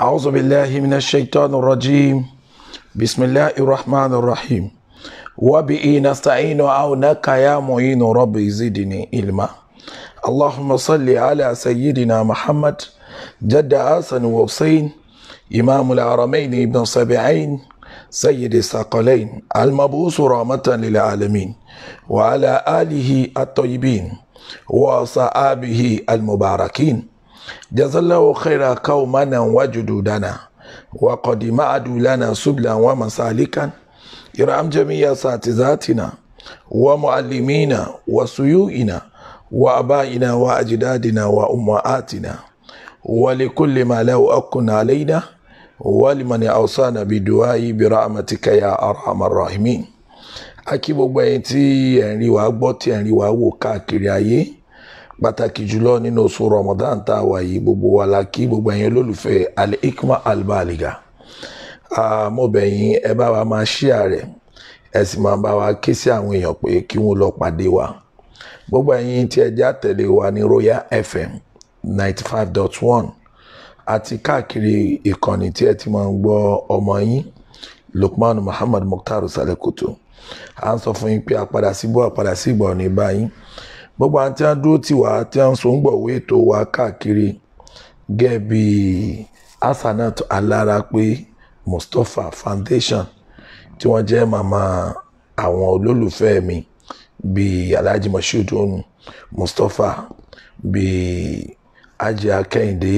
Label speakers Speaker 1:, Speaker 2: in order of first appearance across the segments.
Speaker 1: أعوذ بالله من الشيطان الرجيم بسم الله الرحمن الرحيم وبئي نستعين عونك يا معين ربي زدني علما اللهم صل على سيدنا محمد جد حسن وحسين إمام العرمين ابن سبعين سيد الثقلين المبعوث رحمة للعالمين وعلى آله الطيبين وصحابه المباركين jazallahu khaira kaumana wajududana wa qad ma'adu lana sublan wa masalikan irham jami'a satizatina wa muallimina wa suyu'ina wa abaina wa ajdadina wa ummahatina wa likulli ma lahu akun alaina wa liman awsana bidu'ai bi rahmatika ya arhamar rahimin akí gbogbo ẹ̀yin wa gbọ́ tí ẹ̀ wa wò káàkiri ayé pàtàkì jùlọ nínú oṣù Ramadan tá a wà yìí gbogbo wa la kí gbogbo ẹ̀yin olólùfẹ́ Al-Hikmah Al-Baligha mo bẹ̀ yín ẹ bá wa máa ṣíà rẹ̀ ẹ sì máa bá wa ké sí àwọn èèyàn pé kí wọ́n lọ pàdé wa gbogbo ẹ̀yin tí ẹ já tẹ̀lé wa ní Royal FM ninety five dot one àti káàkiri ìkànnì tí ẹ ti máa ń gbọ́ ọmọ yín Lukman Muhammad Mukhtar Salekoto à ń sọ fún yín pé àpadà síbò àpadà sígbà ò ní báyìí gbogbo àti àdúró tì wá tí à ń so ń gbọ̀wé ètò wa káàkiri gẹ́gẹ́ bí Hasanat Alára Mustapha Foundation tí wọ́n jẹ́ màmá àwọn olólùfẹ́ mi bíi Alhaji Moshood onu Mustapha bíi Ajé Akẹ́yìndé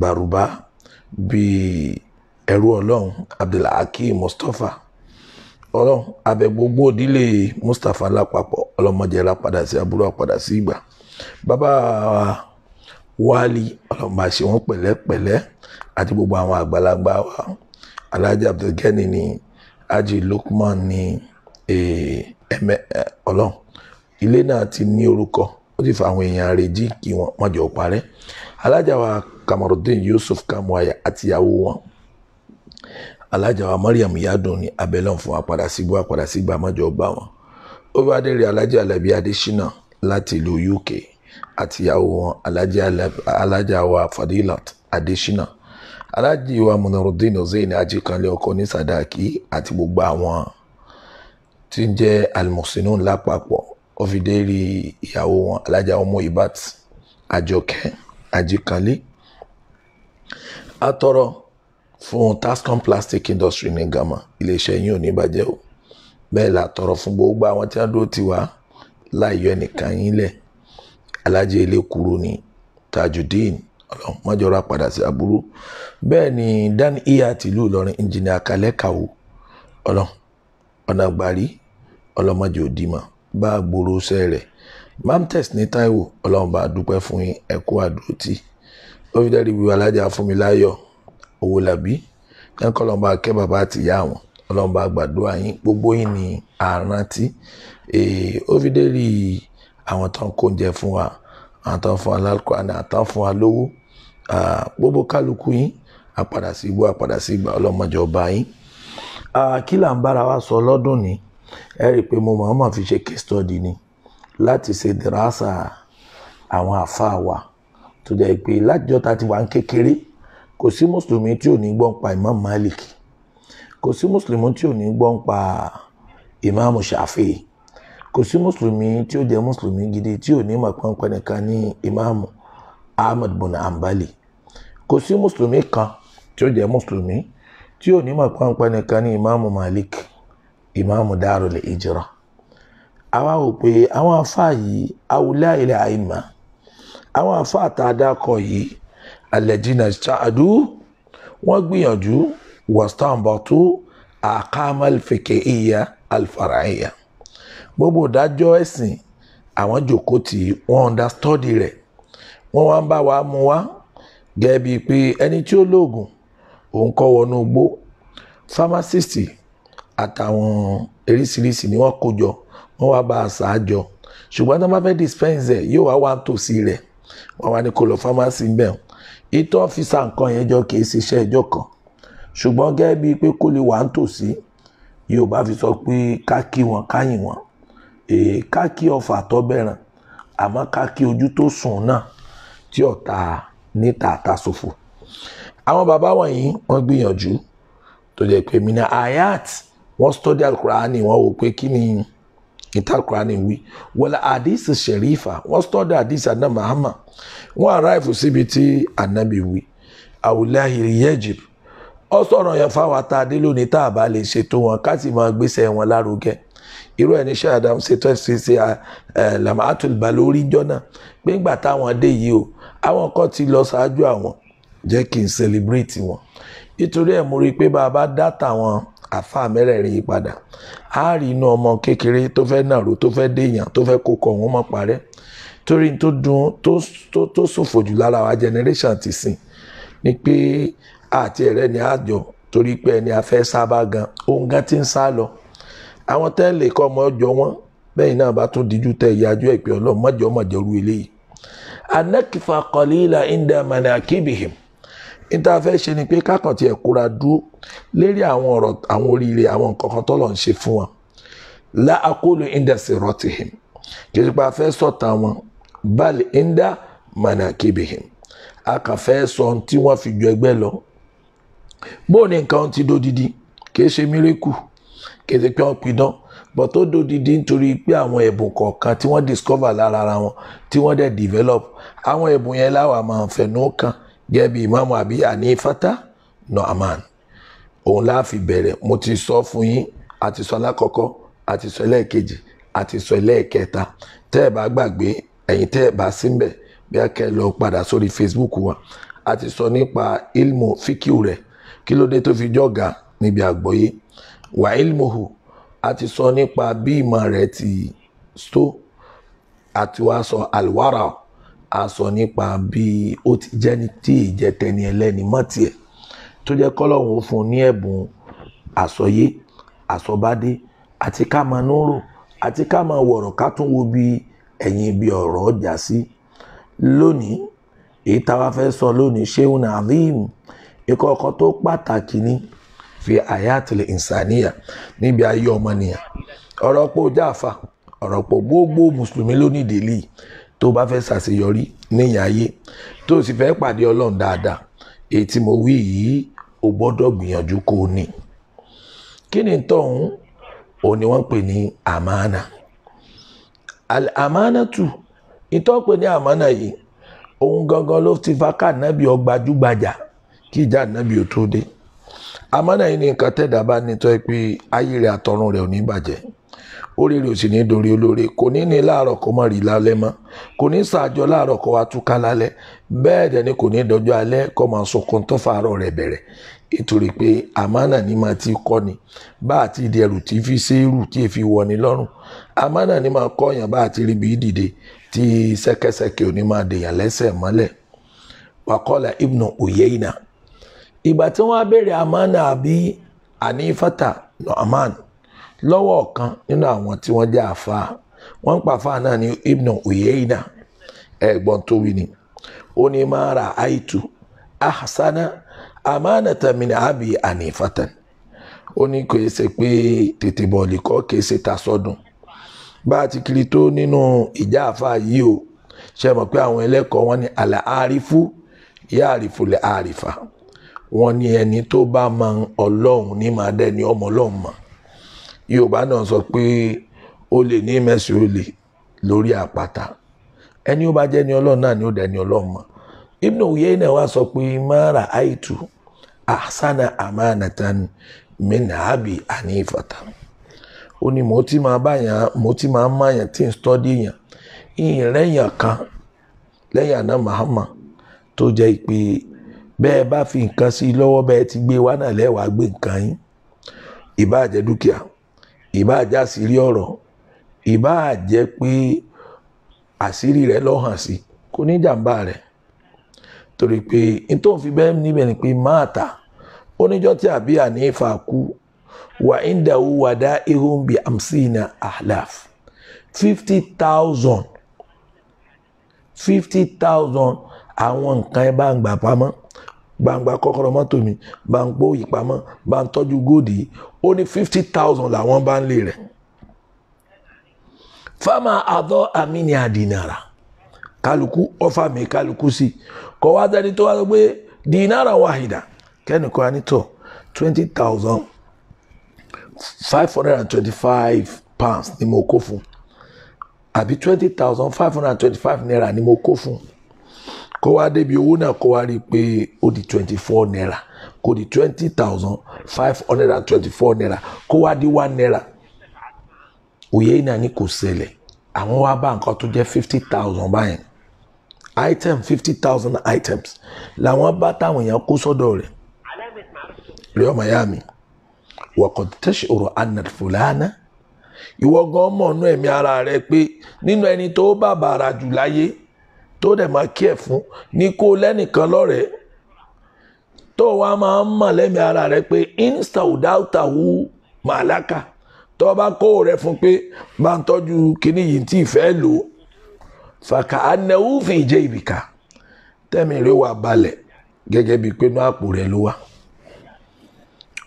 Speaker 1: Bàrùbá bíi ẹrú ọlọ́run Abdulhakeem Mustapha ọlọ́run abẹ gbogbo ìdílé Mustapha lápapọ̀ ọlọ́mọdé lápadà sí àbúrò àpadà sí ìgbà bàbá wálì ọlọ́mọ àṣẹ wọn pẹ̀lẹ́pẹ̀lẹ́ àti gbogbo àwọn àgbàlagbà wa alhaji abdulgani ni haji lukman ni e, ẹmẹ ọlọ́run ilé náà ti ní orúkọ ó ti fa àwọn èèyàn àrèjì kí wọn mọ̀jọ̀ parẹ́ alájà wa Kamarudin Yusuf Kamwaya àtìyàwó wọn alájàwá mariam yadùn ní abẹ́lẹ̀ fún apàdà sígbó apàdà sígbà mọ́jọ bá wọn over adere alájà alábí adésínà láti ìlú uk àtìyàwó wọn alájàwá fadilat adésínà alájìwá munarudin hussein ajíkanlé ọkọ ní sadaki àti gbogbo àwọn tí ń jẹ́ almusinun lápapọ̀ ọfídẹ́rì ìyàwó wọn alájàwá muibat àjọkẹ́ ajíkanlé atọ́rọ̀ fún Tascom Plastic Industry ní Gama iléeṣẹ́ yín ò ní bàjẹ́ o bẹ́ẹ̀ la tọrọ fún gbogbo àwọn tí wọ́n dúró ti wá láìyọ ẹnìkan yín lẹ̀ alájẹ ilé kúrò ní Tajudeen ọlọ́mọjọ́ra padà sí aburú bẹ́ẹ̀ ni Dan iya tìlú Ìlọrin engineer Kalẹ́kàwó ọlọ́n ọ̀nà àgbárí ọlọ́mọdé òdìmọ̀ bá a gbòòrò sẹ́ rẹ̀ mamtex ní Táíwò ọlọ́run bá a dúpẹ́ fún yín ẹ̀kú àdúrótì ó fi dẹ́rìbí alájà fún mi láyọ̀ Owólabí jẹ́ kọ́ lọ́nba kẹ́ bàbá àtìyá wọn ọlọ́nba gbàdúrà yín gbogbo yín ni àrántí ó fi dérí àwọn tó ń kó oúnjẹ fún wa àwọn tó ń fún wa lálùkùránì àwọn tó ń fún wa lówó gbogbo kálukú yín àpàdà sí igbó àpàdà sí ìgbà ọlọ́mọjọ ọba yín kí là ń bára wa sọ lọ́dún ni ẹ rí i pé mo máa ma fi ṣe case study ni láti ṣe dìrásà àwọn àfa wa tó jẹ́ pé látijọ́ ta ti wà ń kékeré kò sí mùsùlùmí tí ò ní gbọ́ pa imam malik kò sí mùsùlùmí tí ò ní gbọ́ pa imam shafi kò sí mùsùlùmí tí ó jẹ́ mùsùlùmí gidi tí ò ní mọ̀ pọ́npọ́n nìkan ní imam ahmed buna ambali kò sí mùsùlùmí kan tí ó jẹ́ mùsùlùmí tí ò ní mọ̀ pọ́npọ́n nìkan ní imam malik imam darul ijra àwa ò pé àwọn afáà yìí awulá ilẹ̀ àìmọ̀ àwọn afáà dákọ̀ yìí alẹ́dínà ṣáàdú wọ́n gbìyànjú wọ́stàǹbọ̀tú àkàmàlfẹ̀kẹ̀ ìyá alfaraya gbogbo ìdájọ́ ẹ̀sìn àwọn jòkó tí wọ́n understudy rẹ̀ wọ́n wá ń bá wa mú wa gẹ́gẹ́ bíi pé ẹni tí ó lóògùn òun kọ́ wọnú gbó pharmacist àtàwọn eríṣiríṣi ni wọ́n kó jọ wọ́n wá bá a ṣáájọ ṣùgbọ́n tí wọ́n bá fẹ́ dispense yóò wá wá tòsí rẹ̀ wọ́n wá ní kó lọ pharmacy ń ìtọ́ ọ́fíìsà nǹkan yẹn jọ kì í ṣiṣẹ́ ẹjọ́ kan ṣùgbọ́n gẹ́gẹ́ bíi pé kó lè wà ń tòsí Yorùbá fi sọ pé ká kí wọn káyìn wọn ká kí ọfà tó bẹ̀ràn àmọ́ ká kí ojú tó sùn náà tí ọ̀tá níta àta ṣòfò àwọn bàbá wọ̀nyí wọ́n gbìyànjú tó jẹ́ pé mina ayat wọ́n study al-Qur'ani wọ́n wò pé kí ni. Ayat, nta koraa ne nwi wɔlɛ adiisi sharifa wɔn de adiisi ana mahama wɔn arrive si bi ti anabi wi awulahiri yejib ɔsɔrɔ yẹn fáwọn ataade lónìí tá a bá lè ṣètò wọn ká sì máa gbéṣẹ́ wọn lárugẹ irú ẹni ṣe àdàm ṣètò fcc lamaatul balori jọna pé ńgbà táwọn dé yìí o àwọn kan ti lọ ṣáájú àwọn jẹ́ kí n celebrate wọn nítorí ẹ̀ mú rí i pé bá dá tàwọn àfa mẹ́rẹ̀ẹ̀rin yìí padà á rí inú ọmọ kékeré tó fẹ́ nàró tó fẹ́ déèyàn tó fẹ́ kókọ òun mọ̀ parẹ́ torí tó dùn tó ṣòfò jù lára wa generation ti sìn ni pé àti ẹ̀rẹ́ ni àjọ torí pé ẹni a fẹ́ sábà gan òun gan ti ń sá lọ àwọn tẹ́lẹ̀ kọ́ ọmọ ọjọ́ wọn bẹ́ẹ̀ náà bá tún díjú tẹ ìyájú ẹ̀pẹ́ ọlọ́mọjọ́ mọ̀jọ́rú eléyìí anakifa kọ́lí ilà inda n tá a fẹ́ ṣe ni pé kákan tiẹ̀ kóra dúró lérí àwọn ọ̀rọ̀ àwọn oríire àwọn nǹkan kan tọ́lọ̀ ń ṣe fún wọn la akólo indẹ̀sì rọtìhìm kì í ṣe pé a fẹ́ sọ̀tàn wọn bal inda manakibihim a kàn fẹ́ sọ ohun tí wọ́n fi ju ẹgbẹ́ lọ bó ní nǹkan ti dodidi kì í ṣe mírèkù kì í pidán but ó dodidi nítorí pé àwọn ẹ̀bùn kọ̀ọ̀kan tí wọ́n discover lára ara wọn tí wọ́n dẹ̀ develop àwọn ẹ̀bùn yẹn láwa máa fẹ̀nú kàn gẹ́gẹ́ bí imaamu fata anifata noaman òun láàfin bẹ̀rẹ̀ mo ti sọ fún yín àti sọ alákọ̀ọ́kọ́ àti sọ ẹlẹ́ẹ̀kejì àti sọ ẹlẹ́ẹ̀kẹta tẹ́ ẹ bá gbàgbé ẹ̀yin tẹ́ ẹ bá síbẹ̀ bí a kẹ́ lọ padà sórí facebook wa àti sọ nípa ilmu fíkìú rẹ kí ló dé tó fi jọ̀gá níbi àgbọ́yé wà ilmuhu àti sọ nípa bí ìmọ̀ rẹ ti stó àti wàá sọ alwara. So a sọ nípa bí ó ti jẹ́ ní tí ìjẹ́ tẹni ẹlẹ́ni mọ́ tiẹ̀ tó jẹ́ kọ́lọ́hún ó fún un ní ẹ̀bùn àsọyé àsọbádé àti ká máa nóró àti ká máa wọ̀rọ̀ ká tún wo bí ẹ̀yìn ibi ọ̀rọ̀ ọjà sí lónìí èyí táwa fẹ́ sọ lónìí ṣéun azeem ikọ̀ ọkọ̀ tó pàtàkì ni fi àyàtìlẹ̀ ìsàníyà níbi ayé ọmọnìyàn ọ̀rọ̀ pọ̀ jáfa ọ̀rọ̀ pọ̀ gbogbo mùsùlùmí lónìí délé tó bá fẹ́ ṣàṣeyọrí níyà ayé tó sì fẹ́ pàdé ọlọ́run dáadáa èyí tí mo wí yìí o gbọ́dọ̀ gbìyànjú kó o ní. kí ni tọ́hún òun ni wọ́n ń pè ní àmàna àmàna tù ìtọ́ pè ní àmàna yìí òun gangan ló ti fa ká nábì ọgbajúgbajà kí ìjà nábì ó tó dé àmàna yìí ni nǹkan tẹ̀dá bá ní pé ayé rẹ̀ àtọ̀run rẹ̀ ò ní bàjẹ́ oríire ò sì ní dorí olóore kò ní ní láàárọ̀ kó mọ̀ rí lálẹ́ mọ́ kò ní sàájọ láàárọ̀ kó wá túká lálẹ́ bẹ́ẹ̀ dẹ̀ ni kò ní dọjọ́ alẹ́ kó máa sunkún tó fàárọ̀ rẹ̀ bẹ̀rẹ̀ nítorí pé àmánà ni máa ti kọ́ ni bá àti ìdí ẹrù tí fi ṣe é rù tí èfi e wọ̀ ní lọ́rùn àmánà ni máa kọ́ yàn bá àti ríbi dìde tí ṣẹ́kẹ́ṣẹkẹ̀ ò ní máa dèyàn lẹ́sẹ̀ mọ́lẹ̀ wàkọ́lá ibn Uyayna ìgbà tí wọ́n á àmánà àbí ànífàtà Nu'man lọ́wọ́ kan nínú àwọn tí wọ́n jẹ́ àfa wọ́n ń pa àfa náà ní ibnu uyeyna ẹ̀gbọ́n tó wí ni ó ní máa ra àìtú ahasana amánata min abi anifatan ó ní kò ṣe pé tètè bọ̀ọ̀lì kọ́ kì í ṣe ta sọ́dún bá a ti kiri tó nínú ìjà àfa yìí o ṣe mọ̀ pé àwọn ẹlẹ́kọ̀ọ́ wọn ní àlà àrífú yá àrífú lẹ̀ àrífà wọn ní ẹni tó bá mọ ọlọ́run ní màá dẹ́ni ọmọ ọlọ́run mọ̀ yorùbá náà sọ pé o ní mẹ́sì olè lórí àpáta ẹni ó bá jẹ́ ni ọlọ́run náà ni ó dẹ̀ ní ọlọ́run mọ̀ ibnu Uyayna wá sọ pé mara aitu ama amanatan min abi anifata ó ní mo ti mo ti máa máyàn tí n stọ́dí yàn ìyìn lẹ́yìn kan lẹ́yìn àná Muhammad tó jẹ́ pé bẹ́ẹ̀ bá fi nǹkan sí i lọ́wọ́ ti gbé wa náà lẹ́wàá gbé nǹkan yín ìbá àjẹ́ àṣírí ọ̀rọ̀ ìbá àjẹ́ pé àṣírí rẹ̀ lọ hàn sí kò ní jàǹbá rẹ̀ torí pé nítorí fi bẹ́ẹ̀ níbẹ̀ ni pé máa ta oníjọ́ tí àbí ànífà kú wà ń dàwó wà dá ihun bíi amsina ahlaf fifty thousand fifty thousand àwọn nǹkan ẹ bá ń gbà pamọ́ gbangba kọ́kọ́rọ́ mọ́tò mi bá ń gbó ìpamọ́ bá ń tọ́jú góòdì ó ní fifty thousand làwọn bá ń lé rẹ̀ fáma àdọ́ àmìnì àdìnàrà kálukú ọ̀fà mi kálukú sí kọ́ wá dání tó wá lọ pé dìnàrà wàhídà kẹ́nìkan á twenty thousand five hundred and twenty-five pounds ni mo kó fún àbí twenty thousand five hundred and twenty-five naira ni mo kó fún kó wá débi owó náà kó wá rí i pé ó di twenty-four naira kò di twenty thousand five hundred and twenty-four naira kó wá di one naira òye náà ni kò ṣẹlẹ̀ àwọn wá bá nǹkan tó jẹ́ fifty thousand báyìí item fifty thousand items làwọn bá táwọn èèyàn kó sọ́dọ̀ rẹ̀ rí ọmọ ìyá mi wọ̀kọ̀ tẹ̀sí ọ̀rọ̀ anad fúlànà ìwọ gan mọ̀ nú ẹ̀mí ara rẹ pé nínú ẹni tó bàbàrà jù láyé tó dẹ̀ máa kí ẹ̀ fún ní kó lẹ́nìkan lọ́rẹ̀ẹ́ tó wá máa ń mọ̀ lẹ́mìí ara rẹ pé insta udauta wu màláka tó bá kó rẹ fún pé bá ń tọ́jú kíní yìí tí ìfẹ́ lò ó fàkà anẹ́wù fi jẹ́ ibìkà tẹ́mi rí wà balẹ̀ gẹ́gẹ́ bíi pé inú àpò rẹ ló wà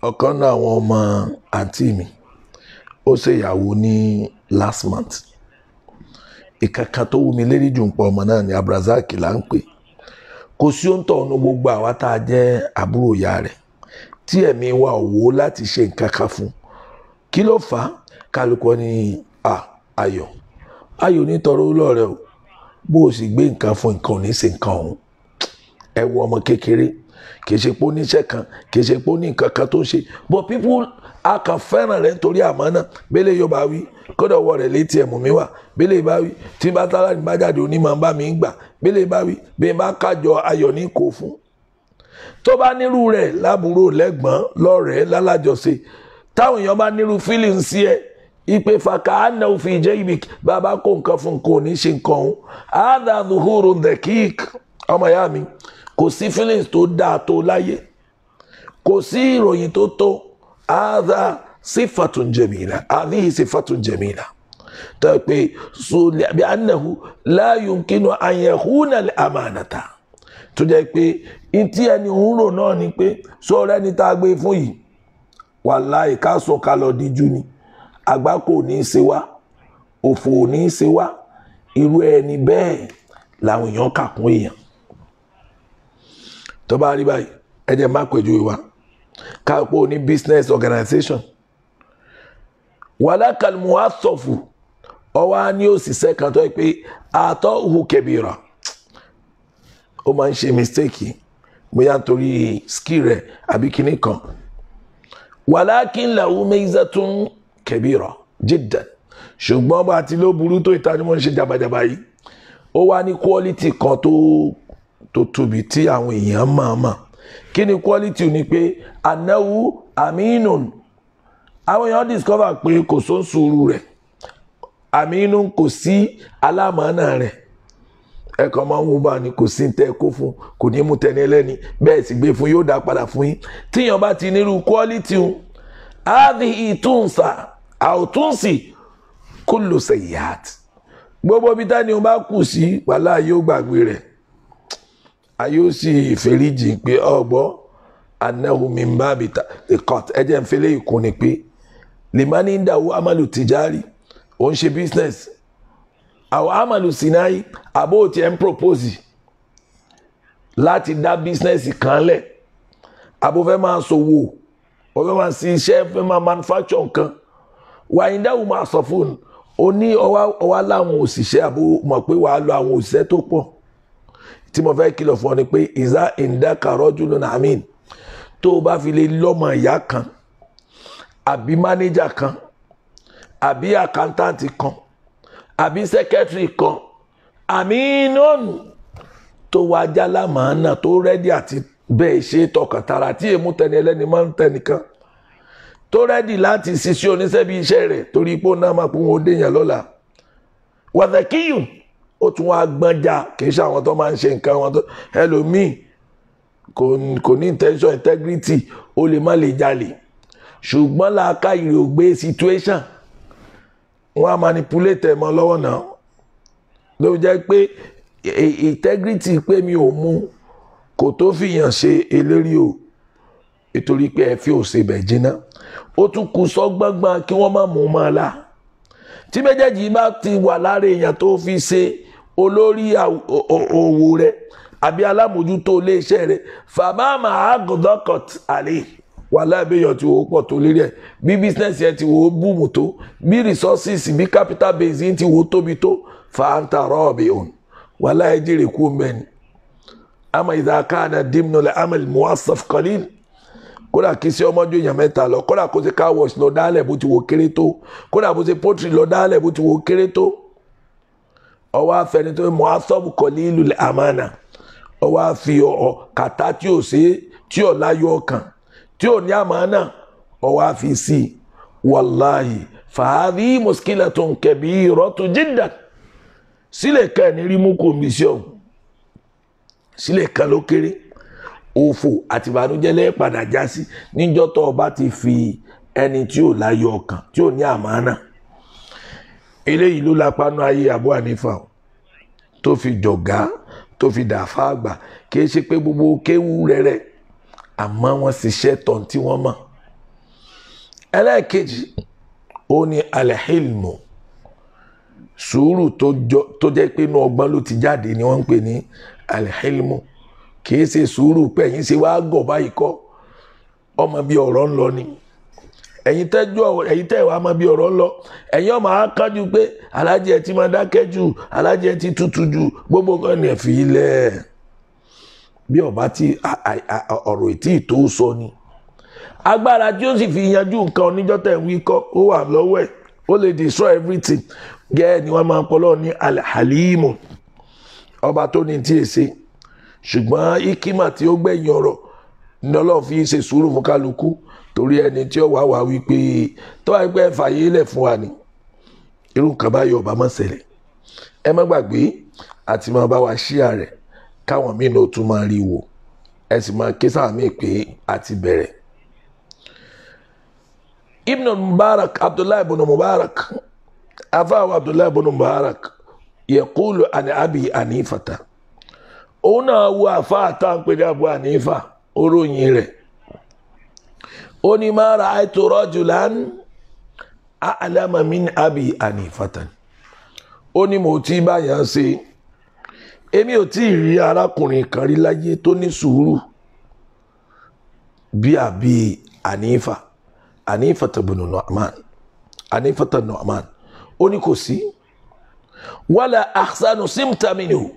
Speaker 1: ọ̀kan náà àwọn ọmọ àǹtí mi ó ṣèyàwó ní last month ìkankan tó wú mi lérí jù ń pọ̀ ọmọ náà ní Abrazaki là ń pè é kò sí òǹtọ̀ ọ̀nà gbogbo àwa tá a jẹ́ àbúrò ìyá rẹ̀ tí ẹ̀mí wa ò wó láti ṣe nǹkan kan fún kí ló fà á kálukú ni à ayọ̀ ayọ̀ nítorí olóòrẹ́ o bó o sì gbé nǹkan fún nǹkan ò ní ṣe nǹkan ọ̀hún ẹ wo ọmọ kékeré kì ṣe pé ó níṣẹ́ kan kì ṣe pé ó ní nǹkan kan tó ń ṣe but people a kàn fẹ́ràn rẹ̀ nítorí àmọ́ náà bẹ́lẹ̀ yóò bá wí kódà ọwọ́ rẹ̀ létí ẹ̀mú wà bẹ́lẹ̀ ba wi tí n bá sára ní bá jáde onímọ̀ bá mi ń gbà bẹ́lẹ̀ bá wí bẹ́ẹ̀ bá kájọ ayọ̀ ní kò fún. tó bá nírú rẹ̀ lábúrò lẹ́gbọ̀n lọ́rẹ̀ẹ́ lálàjọṣe táwọn èèyàn bá nírú fílíǹ sí ẹ ìpè fàkà àna òfin ìjẹ́ ibi bàbá kó nǹkan fún kò ní ṣe nǹkan òun àdà zuhuru dekik ọmọ ìyá mi kò sí feelings tó dáa tó láyé kò sí ìròyìn tó tó àdà sífàtún jẹmìlà àdìhì tó pé sùlẹ̀ àbí anahu láàyùn kínú àyẹ̀húnà àmànàtà tó jẹ́ pé ntí ẹni òun rò náà ni pé sọ̀rọ̀ ẹni tá a gbé fún yìí wàláì ká sọ ká lọ díjú ni àgbákò ní í ṣe wá òfò ní í ṣe wá irú ẹni bẹ́ẹ̀ làwọn èèyàn kà kún èèyàn tó bá rí báyìí ẹ má pẹ̀jú ìwà ká pọ̀ ní business organization wàlákàlùmọ́ àsọ̀fù ọwọ́ á ní òṣìṣẹ́ kan tó yẹ pé àtọ́ hu kẹbìrà ó máa ń ṣe mistake bóyá nítorí skill rẹ̀ àbí kinní kan wàlákin làwọn mẹ́yìíṣẹ́ tún kẹbìrà jìdà ṣùgbọ́n bá ti ló burú tó ìtajúmọ́ ń ṣe jabajaba yìí ó wá ní quality kan tó tó tóbi tí àwọn èèyàn máa mọ̀ kí ni quality ni pé anáwó aminun àwọn èèyàn discover pé kò sóńsùúrù rẹ̀ àmínú kò sí alámọ̀ọ́nà rẹ̀ ẹ kàn máa ń wo bá ní kò sí tẹ kó fún kò ní mú tẹni ẹlẹ́ni bẹ́ẹ̀ sì gbé fún yóò dá padà fún yín tíyan bá ti nírú quality un áàdì ìtúnṣà àòtúnṣì kò lò sẹ̀yàt gbogbo bí táni o bá kù sí wàhálà yóò gbàgbé rẹ̀ a yóò sì fèríjì pé ọgbọ́n anahumimba bita the court ẹ jẹ́ n fẹ́lẹ́ ìkùn ni pé lèmánì ń dàwọ́ ò ṣe business àwọn amadu sinai àbó tiẹ̀ ń propose láti dá business kan lẹ̀ àbó fẹ́ máa ṣòwò ó fẹ́ máa ṣe iṣẹ́ fẹ́ máa manufacture nǹkan wàyíńdáwò máa sọ fóònù ó ní ọwá láwọn òṣìṣẹ́ àbó mọ̀ pé wàá lo àwọn òṣìṣẹ́ tó pọ̀ tí mo fẹ́ kìlọ̀ fún ọ ni pé ìzá ìdákàrọ́ jùlọ náà àmín tó o bá fi lè lọ́mọ ìyá kan àbí mánéjà kan àbí àkántàǹtì kan àbí sẹ́kẹ́tìrì kan àmínọ́ọ̀nù tó wá jálá màánà tó rẹ́dí àti bẹ́ẹ̀ ṣe tọkàntara tí èmú tẹni ẹlẹ́ni máa ń tẹnìkan tó rẹ́dí láti ṣiṣẹ́ oníṣẹ́ bí iṣẹ́ rẹ̀ torí pé ó náà máa pín wọn déyàn lọ́la wàtẹ́kíyù ó tún wá gbọ́njà kì í ṣe àwọn tó máa ń ṣe nǹkan wọn tó ẹlòmíì kò ní intention integrity ó lè má lè jalè ṣùgbọ́n làákàyè ò situation wọ́n á manipulate ẹ̀ mọ́ lọ́wọ́ náà ló jẹ́ pé integrity pé mi ò mú kò tó fìyàn ṣe eléré o nítorí pé ẹ fi òsè bẹ̀ jiná ó tún kù sọ́gbọ́ngbọ́n kí wọ́n má mú máa la tí méjèèjì bá ti wà lára èèyàn tó fi ṣe olórí òwò rẹ àbí alámòjútó iléeṣẹ́ rẹ fàmáàmà àgùdọ́kọ̀t àlè wàhálà ìbéyàn ti wò ó pọ̀ tó lérí ẹ̀ bí business yẹn ti wò ó búùmù tó bí resources bí capital base yẹn ti wò ó tóbi tó fàáńtà rọ́ọ̀bì òun wàhálà ẹ̀ jèrè kú mẹ́ni. ama ìdá káàdà dimnulẹ̀ amal muwasaf qalil kódà kí sí ọmọdé èèyàn mẹ́ta lọ kódà kó ti car wash lọ dálẹ̀ bó ti wò kéré tó kódà bó ti poultry lọ dálẹ̀ bó ti wò kéré tó ọwọ́ afẹ́ni tó muwasaf qalilul amana ọwọ́ àfi ọ̀ kàtá tí ò sí tí ọ̀ láyọ̀ ọkàn tí ò ní àmánà ọwọ́ àfi sí i wàláhì fàárí mùsùkìlẹ̀ tó ń kẹ̀bí ìrọ́tò jídà sílẹ̀ ká ẹ̀ ní rí mú kòmíṣọ́n sílẹ̀ ká ló kéré òfò àti ìbànújẹ́ lẹ́yìn padà já sí níjọ́ tó o bá ti fi ẹni tí ò láyọ̀ ọkàn tí ò ní àmánà eléyìí ló lápánú ayé Abu Hanifa tó fi jọ̀gá tó fi dàáfà àgbà kì í ṣe pé gbogbo kéwú rẹ̀ rẹ̀ àmọ́ wọ́n ṣiṣẹ́ tọ̀hún tí wọ́n mọ̀ ẹlẹ́ẹ̀kejì ó ní alẹ́hìlmù sùúrù tó jẹ́ pé inú ọgbọ́n ló ti jáde ni wọ́n ń pè ní alẹ́hìlmù kìí ṣe sùúrù pé ẹ̀yin ṣe wá gọ̀ báyìí kọ́ ọmọ bíi ọ̀rọ̀ ń lọ ni ẹ̀yin tẹ́jú ẹ̀yin tẹ́ ìwà ọmọ bíi ọ̀rọ̀ ń lọ ẹ̀yin ọmọ akájú pé alájẹ ti máa dákẹ́ alájẹ ti tutù jù gbogbo nǹkan ní ẹ̀fì bí ọba tí ọ̀rọ̀ ètí tó sọ ni agbára tí ó sì fi yanjú nǹkan oníjọ́ tẹ̀ ń wí kọ́ ó wà lọ́wọ́ ẹ̀ ó lè destroy everything gẹ́ẹ́ ni wọ́n máa ń pọ́lọ́ ní alhalimu ọba tó ní tí ṣe ṣùgbọ́n ikima tí ó gbẹ̀yìn ọ̀rọ̀ ni ọlọ́run fi ṣe sùúrù fún kálukú torí ẹni tí ó wà wá pé tó wà pé fàyè lẹ̀ fún wa ni irú nǹkan báyọ̀ ọba máa ń ẹ má gbàgbé àti máa bá wa ṣíà rẹ̀ káwọn míì náà tún máa rí wò ẹ sì máa ké sáwọn míì pé a ti bẹ̀rẹ̀. ibn mubarak abdullahi ibn mubarak afaawo abdullahi ibn mubarak yaqulu ani abi anifata òun náà wo àfáà tá à ń pè ní abu anifa oróyìn rẹ̀ ó ní ma ra'aytu rajulan a'lama min abi anifatan ó ní mo ti báyà ń ṣe. èmi ò tí ì rí arákùnrin kan rí láyé tó ní sùúrù bí àbí ànífà ànífà tàbùnù Nu'man ànífà tàbùnù Nu'man ó ní kò sí wàlà àṣànù símtàmínú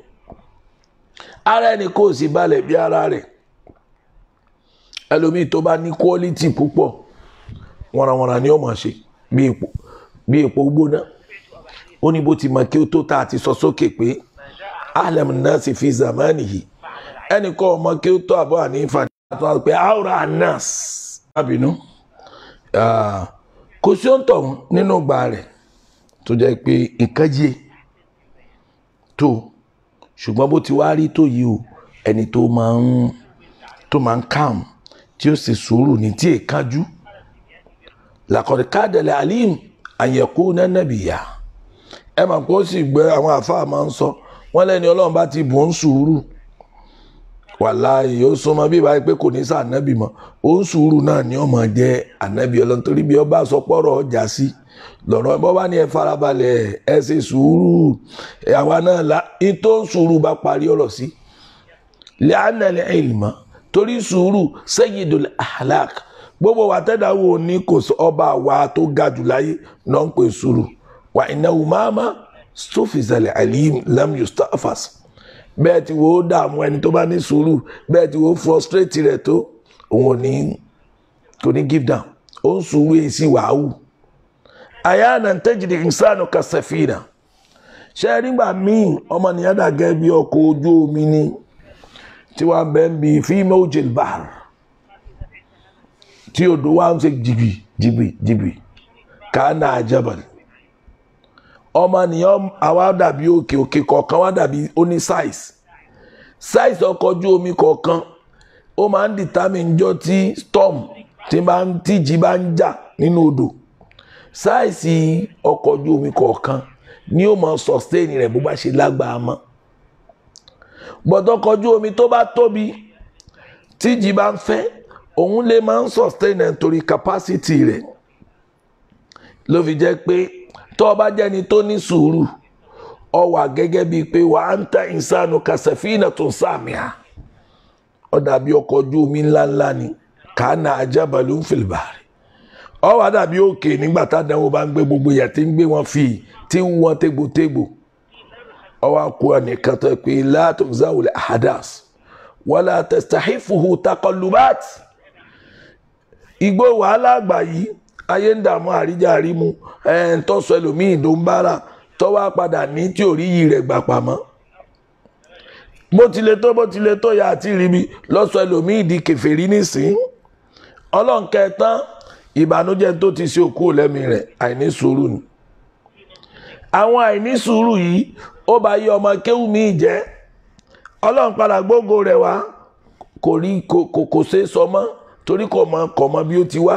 Speaker 1: ara ẹni kò sì balẹ̀ bí ara rẹ̀ ẹlòmíì tó bá ní quality púpọ̀ wọ̀nàwọ̀nà ni ó máa ṣe bí epo gbóná ó ní bó ti mọ̀ kí ó tó ta àti sọ sókè pé. So alam nasi fi zamanihi ẹnì kọ́ ọmọ kí ó tó àbọ̀ ànífà tó a pé aura anas abinu kò sí òǹtọ̀ nínú ìgbà rẹ̀ tó jẹ́ pé nǹkan jẹ tó ṣùgbọ́n bó ti wá rí tó yìí o ẹni tó máa ń tó máa ń calm tí ó sì sùúrù ní tí èkájú làkọ̀dé kádẹ̀lẹ̀ alim àyẹ̀kú nẹ́nẹ́bìyà ẹ mà kó sì gbé àwọn àfáà máa ń sọ. So wọ́n lẹ́ni ọlọ́run bá ti bùn ń sùúrù wàláhì ó súnmọ́ bí báyìí pé kò ní sá ànábì mọ́ ó ń sùúrù náà ni ọmọ jẹ́ ànábì ọlọ́run torí bí ọba àsọpọ̀rọ̀ ọjà sí lọ́rọ̀ bọ́ bá ní ẹ farabalẹ̀ ẹ ṣe sùúrù àwa náà la ìtò sùúrù bá parí ọ̀rọ̀ sí lẹ́ànàlẹ́ ìlmọ̀ torí sùúrù sayyidul ahlak gbogbo wa tẹ́dá wo ni kò sọ ọba wa tó ga jù láyé náà ń pè sùúrù wà ìnáwó máa máa sófìsàlẹ̀ alim lam yustafas bẹ́ẹ̀ tí wo dààmú ẹni tó bá ní sùúrù bẹ́ẹ̀ tí wo frustrate rẹ̀ tó òun ní kò ní give down ó ń sùúrù èyí sí wàhálù àyànà tẹ́jìdì ìsánù kàṣẹ̀fìnà ṣe nígbà míì ọmọnìyàn dàgẹ́ bí ọkọ̀ ojú omi ni tí wọ́n bẹ́ẹ̀ ń bi fíìmù ojìlbàr tí odò wa ń ṣe jìbì jìbì jìbì kàánà àjẹbàlì ọmọnìyàn àwa dàbí òkè òkè kọ̀ọ̀kan wa dàbí ó ní size size ọkọ̀ ojú omi kọ̀ọ̀kan ó máa ń determine jọ tí storm tí tíjì bá ń jà nínú odò size ọkọ̀ ojú omi kọ̀ọ̀kan ni ó máa sustain rẹ̀ bó bá ṣe lágbàá mọ́ bọ̀dọ̀kọ̀ ojú omi tó bá tóbi tíjì bá ń fẹ́ òun lè máa ń sustain ẹ̀ torí capacity rẹ̀ ló fi jẹ́ pé tó o bá jẹ́ni tó ní sùúrù ọ wà gẹ́gẹ́ bíi pé wà á ń ta ìsanu kàṣẹ́fínà tó ń sàmì ọ dàbí ọkọ̀ ojú omi ńláńlá ni kà kàánà ajábàlú ń fìlbà rẹ̀ ọ wà dàbí òkè nígbà tádàwọ̀ bá ń gbé gbogbo yẹ̀ tí ń gbé wọn fi tí ń wọn tégbòtégbò ọ wà kú ẹnìkan tó pé látò záwùlẹ̀ ahadas wàlá testahifuhu takọlubat igbó wàhálà àgbà yìí ayé ń dààmú àríjàrí mu ẹ̀ ń tọ́sọ ẹlòmíì tó ń bára tọ́wọ́ padà ní tí ò rí yìí rẹ̀ gbà pamọ́ bó tilẹ̀ tó bó tilẹ̀ tó yà àti ríbi lọ́sọ ẹlòmíì di kèfèrí nísìn ọlọ́run kẹtàn ìbànújẹ́ tó ti ṣe òkú lẹ́mi rẹ̀ àìní sùúrù ni àwọn àìní sùúrù yìí ó bá yí ọmọ kéwù mi jẹ́ ọlọ́run gbógo rẹ̀ wá kò rí kò kò ṣe é torí kò mọ kò mọ bí ó ti wá.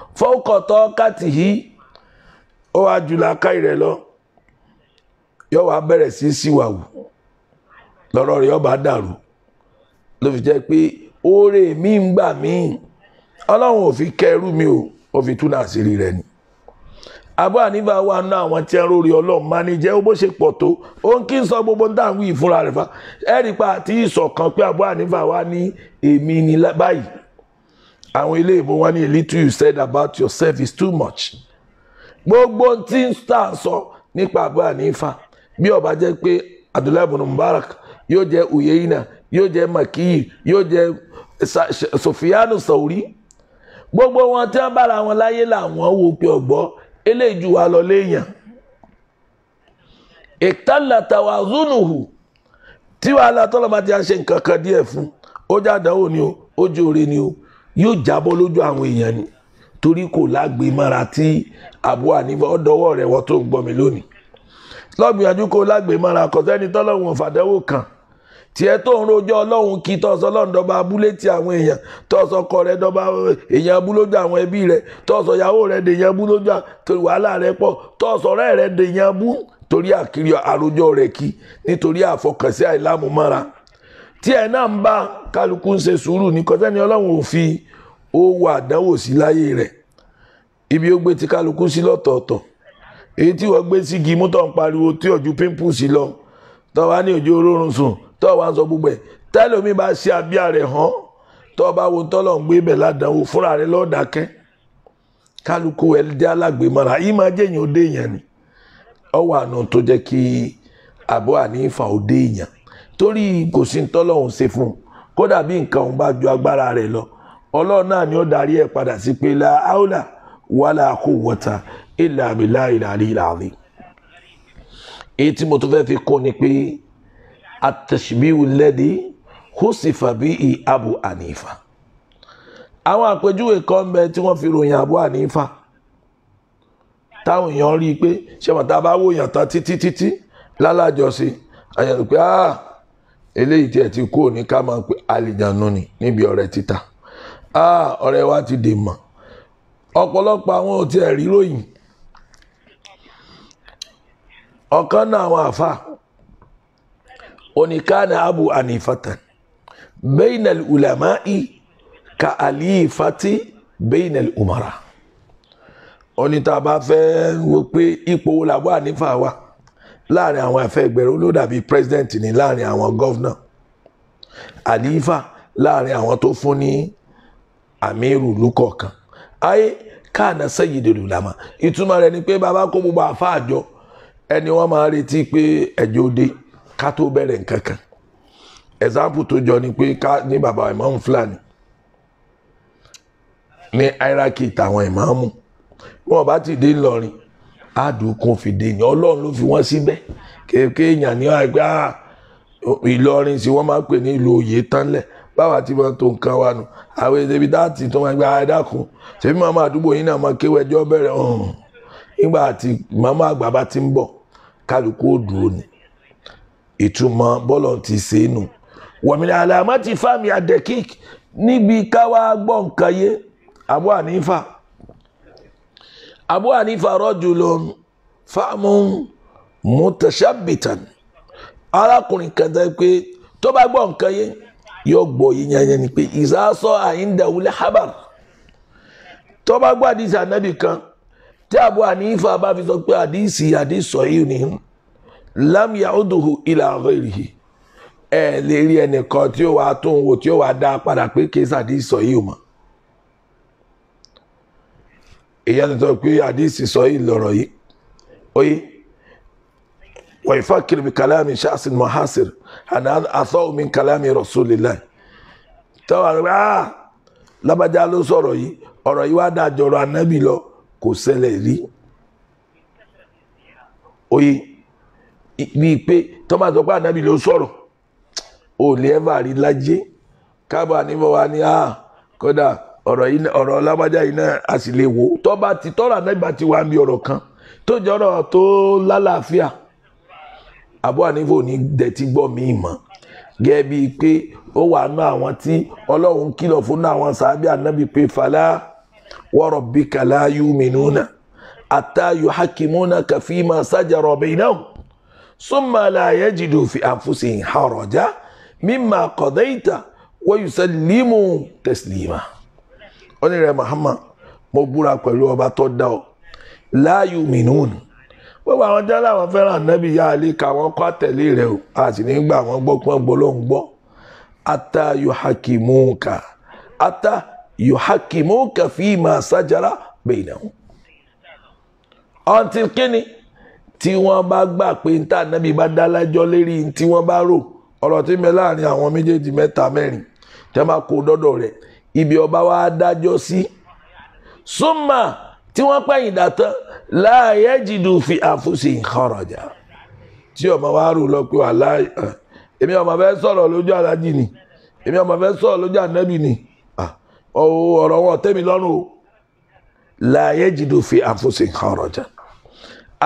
Speaker 1: fọ́kọ̀tọ́ kàtìhí ó wá jùlọ akáì rẹ̀ lọ yóò wá bẹ̀rẹ̀ sí síwàwù lọ́rọ̀ rẹ̀ yóò bá dàrú ló fi jẹ́ pé oore mi ń gbà mí ọlọ́run ò fi kẹrú mi o ó fi túnà àṣírí rẹ̀ ni Abu Hanifa wà ná àwọn tí ń rórí ọlọ́run máa ní jẹ́ bó ṣe pọ̀ tó ó ń kí n sọ gbogbo ń dáhùn ìfúnra rẹ̀ fa ẹ̀rí pa àti ìṣọ̀kan pé Abu Hanifa wà ní èmi ní báyìí àwọn ilé ìbò wa ní a little you said about yourself is too much gbogbo tí ń tà sọ nípa Abu Hanifa bí ó bá jẹ́ pé Abdullahi ibn Mubarak yóò jẹ́ Uyeyina yóò jẹ́ Makiyi yóò jẹ́ Sofiyanu Sauri gbogbo wọn tí wọ́n bára wọn láyé làwọn wò pé ọgbọ eléyìí ju wa lọ léèyàn ìtàlà tawazunuhu tí wàhálà tọ́lọ́mà ti à ń ṣe nǹkan kan díẹ̀ fún ó jáde òní o ó jóore ni o yóò jábọ́ lójú àwọn èèyàn ni torí kò lágbe mọ́ra tí Abu Hanifa ọ̀dọ́wọ́ rẹ̀ wọ́n tó ń gbọ́ mi lónìí lọ́gbìyànjú kó lágbe mọ́ra kọ̀sẹ́ni tọ́lọ́hún ọ̀fàdánwò kan tiẹ̀ tó ń rojọ́ ọlọ́run kí tọ́sọ ọlọ́run dọba abúlé ti àwọn èèyàn tọ́sọ ọkọ rẹ dọba èèyàn abú lójú àwọn ẹbí rẹ tọ́sọ ìyàwó rẹ dèèyàn abú lójú torí wàhálà rẹ pọ̀ tọ́sọ ọ̀rẹ́ rẹ dèèyàn abú torí àkiri àròjọ rẹ kí nítorí àfọkànsí àìlámùmọ́ra tí ẹ náà ń bá kálukú ń ṣe sùúrù ní kọjá ni ọlọ́run ò fi owó àdánwò sí láyé rẹ̀ ibi ó gbé ti kálukú sí lọ́tọ̀ọ̀tọ̀ èyí tí wọ́n gbé sí igi mú tó ń pariwo tí ọ̀jú pimple sí lọ tó wá ní òjò orórun sùn tó wá ń sọ gbogbo ẹ̀ tẹ́lómi bá ṣe abíyá rẹ̀ hàn tó bá wo tọ́lọ̀ ń gbé bẹ̀ ládàáwò fúnra rẹ̀ lọ́ọ̀dàkẹ́ kálukú ẹlẹ́dẹ́ alágbèmọ́ra yìí máa jẹ́yìn òde èèyàn ni ọwọ́ àná tó jẹ́ kí àbọ̀ ànífà òde èèyàn torí kò sí tọ́lọ́hún ṣe fún un kódà bí nǹkan òun bá ju agbára rẹ̀ lọ ọlọ́run náà ni ó darí ẹ̀ padà sí pé la aula wala quwwata illa billahi aliyil azim. èyí tí mo tún fẹ́ fi kún ni pé at-tashbihu alladhi khusifa bihi Abu Hanifa àwọn àpèjúwe kan bẹ tí wọ́n fi ròyìn Abu Hanifa táwọn èèyàn rí i pé ṣé màtá bá wòyàn tán títí títí lálàjọsí àyẹ̀wò pé ah eléyìí tí ẹ ti kúrò ní ká máa pe àlìjànú ni níbi ọ̀rẹ́ títà ọ̀rẹ́ wa ti dè mọ̀ ọ̀pọ̀lọpọ̀ àwọn ò tiẹ̀ rí ròyìn ọ̀kan náà àwọn àfa oníkànnì abu anifatan bainal ulama'i ka alifati bainal umara onítàbá fẹ́ wọ pé ipò wo làwọn ànífà wa láàrin àwọn afẹ́gbẹ̀rún ló dàbí president ni láàrin àwọn governor àlífà láàrin àwọn tó fún ní àmírù lúkọ̀ọ̀kan ayé káàná sẹ́yìn lùlámà ìtumọ̀ rẹ̀ ni pé bàbá kó gbogbo àfa àjọ ẹni wọ́n máa retí pé ẹ̀jọ́ dé ká tó bẹ̀rẹ̀ nǹkan kan example tó jọ ni pé ká ní bàbá Imam Fulani ní hierarchy tàwọn ìmáàmù wọn bá ti dé Ìlọrin àdùn confident ni ọlọ́run ló fi wọ́n síbẹ̀ kéèké èèyàn ní àgbà ah, ìlọrin sí wọ́n máa ń pè ní ìlú òye tánlẹ̀ báwa ti máa tó nǹkan wa nù àwọn èdèbí dáàtì tó máa gba ah, àdákùn ṣèbí màmá àdúgbò yìí náà máa kéwọ́ ẹjọ́ bẹ̀rẹ̀ ọ̀hún nígbà tí màmá àgbà bá ti ń bọ̀ kálukú òdù òní ìtumọ̀ bọ́lọ̀ ti ṣe é nù wọ̀mìnira àlàmọ́ ti fáàmì àdẹ́kík níbi káwá gbọ́ nǹkan yé àbọ̀ ànífà abu hanifa rajulun fáàmùn mutashabitan arákùnrin kan tẹ́ pé tó bá gbọ́ nǹkan yẹn yóò gbọ́ yín yẹn ni pé ìsásọ àyíndàwúlẹ̀ habar tó bá gbọ́ àdìsí ànábì kan tí abu hanifa bá fi sọ pé àdìsí àdìsọ yìí ni lam yauduhu ila ghairihi ẹ lè rí ẹnìkan tí ó wàá tó ń wò tí ó wàá dá padà pé kí sàdìsọ yìí mọ̀ ìyá tó tọ́ pé àdìsí sọ yìí lọ̀rọ̀ yìí oye wọ́n ìfá kiri bi kalami ṣáàsìn mohasir àná àtọ́ omi kalami rasulillah tọ́wọ́ àgbẹ̀ ah lábàjá ló sọ̀rọ̀ yìí ọ̀rọ̀ yìí wá dájọ́rọ̀ anábì lọ kò ṣẹlẹ̀ rí oye bíi pé tọ́ba sọ pé anábì ló sọ̀rọ̀ ò lè ẹ́ bá rí lájẹ́ káàbọ̀ àníbọ̀ wa ni ah kódà ọ̀rọ̀ yìí ọ̀rọ̀ lágbájá yìí náà a sì lè wò ó tọ́ba ti tọ́ra nígbà tí wàá mi ọ̀rọ̀ kan tó jọ̀rọ̀ tó lálàáfíà Abu Hanifa ní dẹ̀tí gbọ́ mi mọ̀ gẹ́gẹ́ bíi pé ó wà ná àwọn tí ọlọ́run kìlọ̀ fún náà àwọn sàábì ànábì pé falá wa rabbika la yu'minuna hatta yuhakkimunaka fima sajara bainahum summa la yajidu fi anfusihim haraja mimma qadaita wa yusallimu taslima ó ní rẹ mo búra pẹ̀lú ọba tó dá ọ láàyò mìíràn gbogbo àwọn jẹ́ láwọn fẹ́ràn nẹ́bí ya àlékà wọn kọ́ àtẹ̀lé rẹ o a sì ní gbà wọ́n gbọ́ pọ́n gbólóhùn gbọ́ ata yuhakimuka ata yuhakimuka fima sajara bainahum until kíni tí wọ́n bá gbà pé níta nẹ́bí bá dá lájọ́ lérí tí wọ́n bá rò ọ̀rọ̀ tí ń láàrin àwọn méjèèjì mẹ́ta mẹ́rin tẹ́ máa kó dọ́dọ̀ rẹ̀ ibi ọba wa dájọ́ sí súnmà tí wọ́n pẹ̀yìn dàtán láàyè jìdù fi àfúsì ìkọrọ̀jà tí ọmọ wa rù lọ pé wà láàyè ah, èmi ọmọ fẹ́ sọ̀rọ̀ lójú alájì ni èmi ọmọ fẹ́ sọ̀rọ̀ lójú ànábì ni ah, ọ̀rọ̀ wọn tẹ́mi lọ́rùn o láàyè jìdù fi àfúsì ìkọrọ̀jà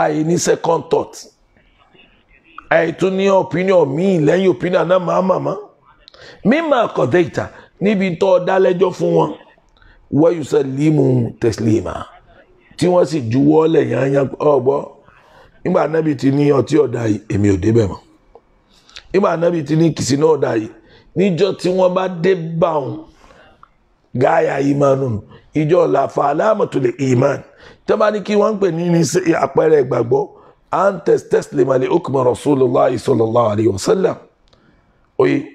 Speaker 1: àìní second thought àìtún ní opinion míì lẹ́yìn opinion náà máa màmá mímọ àkọ́dé ìta níbi tó dálẹ́jọ́ fún wọn wọ́yùsẹ̀ límù tẹ̀sílìmà tí wọ́n sì juwọ́ lẹ̀ yányá ọ̀gbọ́ nígbà anábì ti ní ọtí ọ̀dà yìí èmi ò débẹ̀ mọ́ nígbà anábì ti ní kìsì náà ọ̀dà yìí níjọ́ tí wọ́n bá dé báwọn gáyà ìmánu ìjọ làfà aláàmọ̀tòlè ìmán tí wọ́n ní kí wọ́n ń pè ní ní ìgbàgbọ́ antes teslimali okuma rasulillah sallallahu alayhi wa sallam oye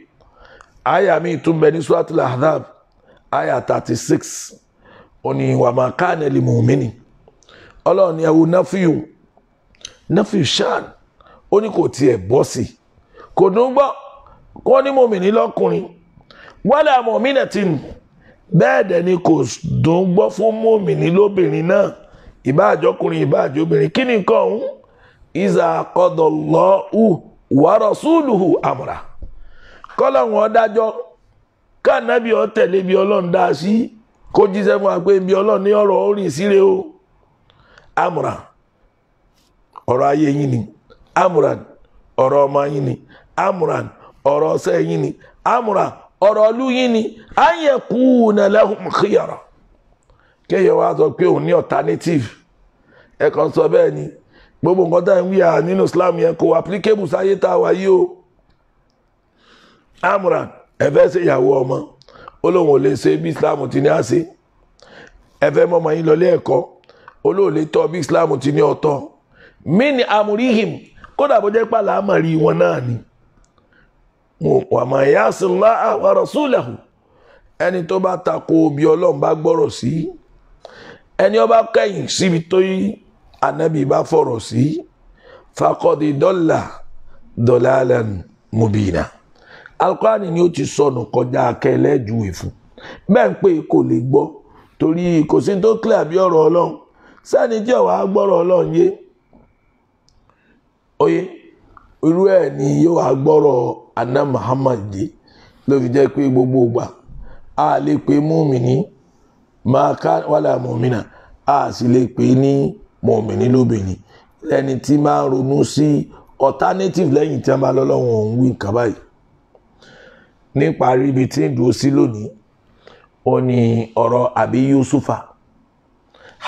Speaker 1: aya mi tún bẹ ní suratul ahzab aya thirty six òní wàmà kánẹ́lì mùmínì ọlọ́run ni ẹ̀wù nafiu nafiu shan ó ní kò tiẹ̀ bọ́ sí i kò dùn gbọ́ kó ní mùmínì lọ́kùnrin wala mu'minatin bẹ́ẹ̀ dẹ̀ ni kò dùn gbọ́ fún mùmínì lóbìnrin náà ìbáàjọkùnrin ìbáàjọbìnrin kí iza qadallahu wa rasuluhu amra kọ́lọ́hún ọ̀dájọ́ káànábì ọ̀ tẹ̀lé bí ọlọ́run dá sí kó jíṣẹ́ fún wa pé bí ọlọ́run ní ọ̀rọ̀ o amúra ọ̀rọ̀ ayé yín ni amúra ọ̀rọ̀ ọmọ yín ni amúra ọ̀rọ̀ ọ̀sẹ̀ yín ni amúra ọ̀rọ̀ ọlú yín ni ayẹ̀kú nàlẹ́hùn khiyara kéèyàn wá sọ pé òun ní sọ bẹ́ẹ̀ ni gbogbo nǹkan tá à ń wíyà nínú Islam yẹn kò applicable sáyé tá a amra ẹ fẹ́ ṣe ìyàwó ọmọ ó lóun ò lè ṣe bí islam ti ní á ṣe ẹ fẹ́ mọ́ ọmọ yín lọ ilé ẹ̀kọ́ olóòlé tọ́ bí islam ti ní ọ̀tọ̀ mini amurihim kódà bó jẹ́ pàlà àmàrí wọn náà ni wà máa yá sílá wa rasulahu ẹni tó bá tako bí ọlọ́run bá gbọ́rọ̀ sí ẹni ó bá síbi tó yí ànábì bá fọ̀rọ̀ sí fakọ́dí dọ́là dọ́là lẹ́nu mubina. alukurani ni o ti sọnù kọjá akẹlẹ juwe fún bẹ́ẹ̀ ń pé kò lè gbọ torí kò sí tó clear bí ọ̀rọ̀ Ọlọ́run sẹ́ni tí ọwọ agbọrọ ọlọrun yé oye irú ẹ̀ ni yóò agbọrọ anna Muhammad yé ló fi jẹ́ pé gbogbo ìgbà a lè pe mùmíní máa ká wàlà mùmínà a sì lè pe ní mùmíní lóbìnrin lẹ́ni tí máa ronú sí alternative lẹ́yìn tí wọ́n bá lọ́lọ́run òun wí nǹkan báyìí nípa ríbi tí ń dúró sí lónìí ó ní ọ̀rọ̀ àbí yusufa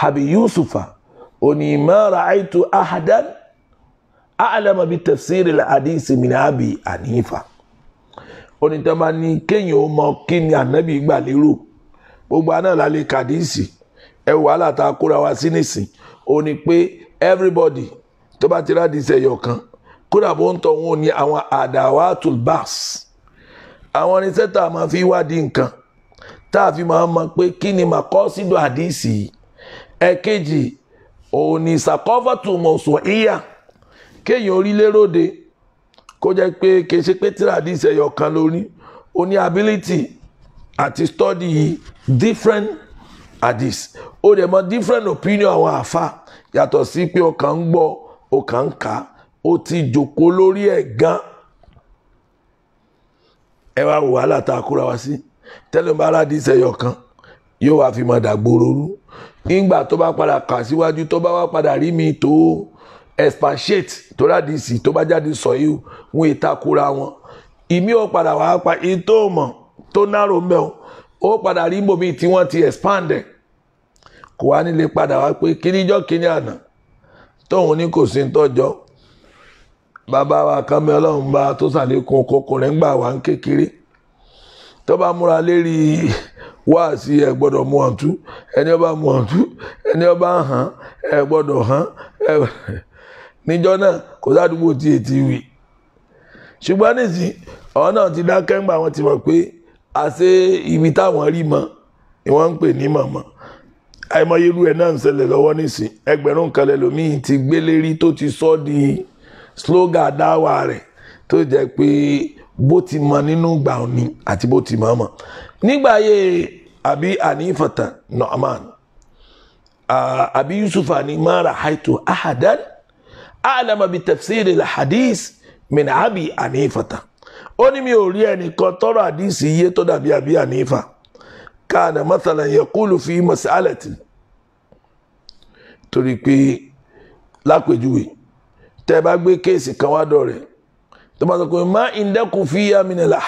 Speaker 1: àbí yusufa ó ní mara aitu ahadan a'lama bi tafsir al-hadith min abi hanifa ó ní tẹ́ máa ní kéèyàn ó mọ kí ni ànábì gbà lérò gbogbo aná la kàdíìsì ẹ wàhálà tá a kóra wa sí nìsín ó ní pé everybody tó bá ti rádìí sẹ́yọ̀ kan kódà bó ń tọ̀ wọn ní àwọn àdáwàtul bas àwọn irinṣẹ́ tá a máa fi wádìí nǹkan tá a fi máa mọ pé kí ni màkọ́sídò àdìsí ẹ̀kejì òun ni sàkọ́fàtù mọ̀sùn ìyá kéèyàn orílẹ̀-èdè kó jẹ́ pé kéṣe pé tíra àdìsí ẹ̀yọ̀ kan lórí ó ní ability àti study different àdìs ó dẹ̀ mọ different opinion àwọn àfa yàtọ̀ sí pé ọkàn ń gbọ́ ọkàn ń kà ó ti jòkó lórí ẹ̀ gan-an ẹ wá wò wàhálà tá a kóra wa sí tẹ́lẹ̀ bá aládìí sẹ́yọ̀ kan yóò wá fi mọ̀ dàgbòrò rú nígbà tó bá padà kà síwájú tó bá wá padà rí mi tó expatiate tó rádi sí tó bá jáde sọ yìí wọn ìtakora wọn ìmí ò padà wàá pa ètò ọmọ tó náró mbẹ o ó padà rí bòmí tí wọ́n ti expand ẹ kò wá nílé padà wá pé kíníjọ kíní àná tóun ní kò sí ń tọjọ bàbá wa kan mi ọlọ́run bá tó sàlékún kókó rẹ̀ ń gbà wá ń kékeré tó bá múra lérí wáàsí ẹ gbọ́dọ̀ mú ọtú ẹni ọba mú ọtú ẹni ọba hàn ẹ gbọ́dọ̀ hàn ẹ níjọ náà kò sádùúgbò tí ètí wì ṣùgbọ́n nísìn ọ̀hún náà ti dákẹ́ ńgbà wọn ti mọ̀ pé àṣé ibi táwọn rí mọ ni wọ́n ń pè ní mọ̀mọ́ àìmọye irú ẹ̀ náà ń ṣẹlẹ̀ lọ́wọ́ nísìn ẹgbẹ̀rún kan lẹ́lòmíì ti gbé lérí tó ti sọ́ di slogan dáwà rẹ̀ tó jẹ́ pé bó ti mọ nínú gbà ni àti bó ti mọ mọ nígbà ayé àbí ànífàtà norman àbí yusuf àní mara haitu ahadan alama bi tafsiri la hadith min abi ànífàtà ó ní mi ò rí ẹnìkan tọrọ àdìsí iye tó dàbí àbí ànífà káàdà mathalan yaqulu fi masalati torí pé lápèjúwe. tẹ ẹ bá gbé kéèsì kan wá dọ̀rẹ̀ tó bá má fi yá mi nílà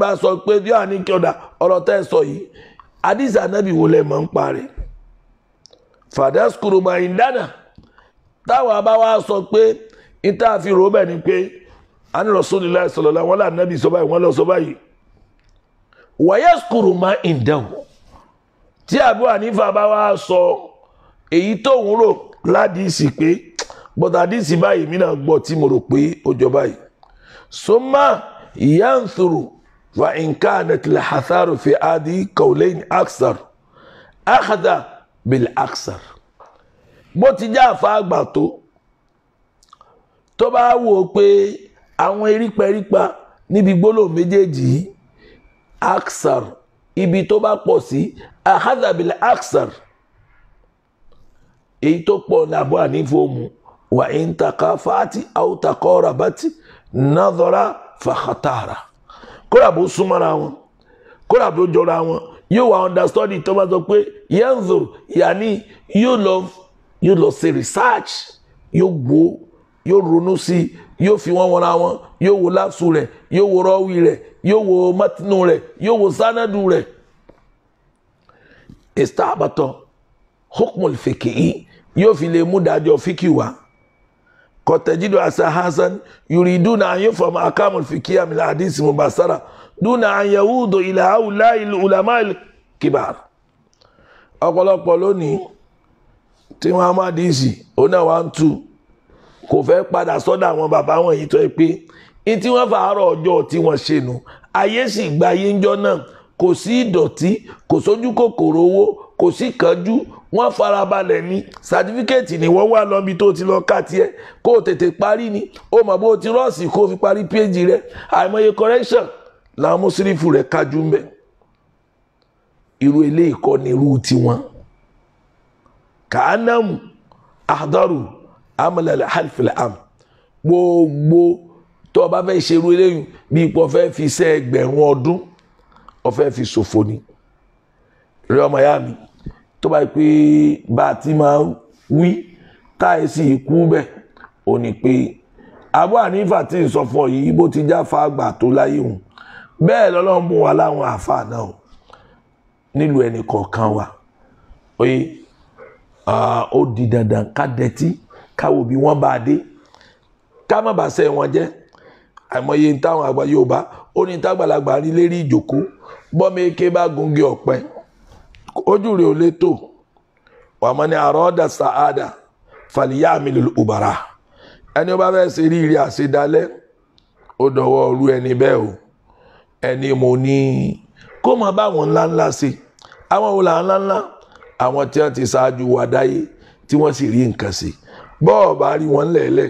Speaker 1: bá sọ pé yóò ní kí ọ̀dà ọ̀rọ̀ tẹ́ ẹ sọ yìí àdìsí ànábì wo lẹ mọ̀ ń parẹ́ fàdásùkùrù mà ìdáná táwọn abáwá sọ pé níta àfi rò bẹ́ẹ̀ ni pé àní Rasulullah sallallahu wọn anabi sọ báyìí wọn lọ sọ báyìí tí àbúrò ànífà sọ èyí rò ládìsí pé bọ́tàdìsí báyìí mí náà gbọ́ tí mo rò pé ó jọ báyìí. sọ́mà ìyá ń sòrò fa nǹkan ànàtìlẹ̀ hasaru fi adi kawlẹ́yìn aksar akhada bil aksar. bó ti já àfa àgbà tó tó bá wò ó pé àwọn eríparípa níbi gbólóhùn méjèèjì yìí ibi tó bá pọ̀ sí akhada bil aksar èyí tó pọ̀ ní àbọ̀ ànífòmù wà ń takà fàátì àwòtakọ̀ rabatì nàdọ́rà fàkàtàrà kóra bó súnmọ́ra wọn kóra bó jọra wọn yóò wà understudy tó bá sọ pé yẹnzo yanni yóò lọ yóò lọ ṣe research yóò gbó yóò ronú sí yóò fi wọn wọra wọn yóò wo láṣù rẹ yóò wo rọwì rẹ yóò wo mọtínú rẹ yóò wo sánádù rẹ ìsítàbàtọ hukmul fikihi yóò fi lè mú dájọ́ fíkì wá kọtẹjidu asa hasan yuriduna an yufama akamul fikiya min hadisi mubasara duna an yawudo ila haula ulama kibar ọ̀pọ̀lọpọ̀ lónìí tí wọ́n á má díìsì ó náà wá ń tu kò fẹ́ padà sọ́dọ̀ àwọn bàbá wọn yìí tó ẹ pé ní tí wọ́n fàárọ̀ ọjọ́ tí wọ́n ṣe nù ayé sì gba ayé ńjọ́ náà kò sí ìdọ̀tí kò sójú kòkòrò owó kò sí kánjú wọ́n farabalẹ̀ ni sàtífíkẹ́ẹ̀tì ni wọ́n wá lọ́bi tó ti lọ ká tiẹ̀ kó o tètè parí ni ó mọ̀ bó o ti rọ́ọ̀sì kó o fi parí péjì rẹ àìmọye correction làwọn mùsùlùmí rẹ̀ kájú ń bẹ̀ irú eléyìí kọ́ ni irú tiwọn kàánàmù àdọ́rù amúlẹ̀lẹ̀ àlìfẹ̀lẹ̀ àmù gbogbo tó o bá fẹ́ ṣe irú eléyìí bí ipò ọ̀fẹ́ fi ṣe ẹgbẹ̀rún ọdún ọ̀fẹ́ fi ṣòfò ni rí ọmọ yá mi tó bá pé bá a ti máa wí táì ikú bẹ́ẹ̀ ò ní pé Abu Hanifa tí ń sọ fún ọ yìí bó ti já fàgbà tó láyé òun bẹ́ẹ̀ lọ́lọ́run mú wa láwọn àáfàá náà nílùú ẹnì kọ̀ọ̀kan wa oye ó di dandan ká dẹtí káwo bí wọ́n bá a dé ká má bàa sẹ́ wọn jẹ́ àìmọye táwọn àgbà Yorùbá ó ní tágbàlagbà rí lérí ìjòkó bọ́mọ bá gungi ọ̀pẹ ojú rẹ̀ ò lè tó wàmọ́ ni àròọ́dà sàádà fàlìyà àmìlì òbàrà ẹni ó bá fẹ́ ṣe rí rí ó dọwọ́ ẹni bẹ́ẹ̀ o ẹni mo ní kó mọ báwọn ńláńlá ṣe àwọn wo ńláńlá àwọn tí ti ṣáájú wa dáyé tí wọ́n sì rí nǹkan ṣe bọ́ọ̀ bá rí wọn lẹ́ẹ̀lẹ́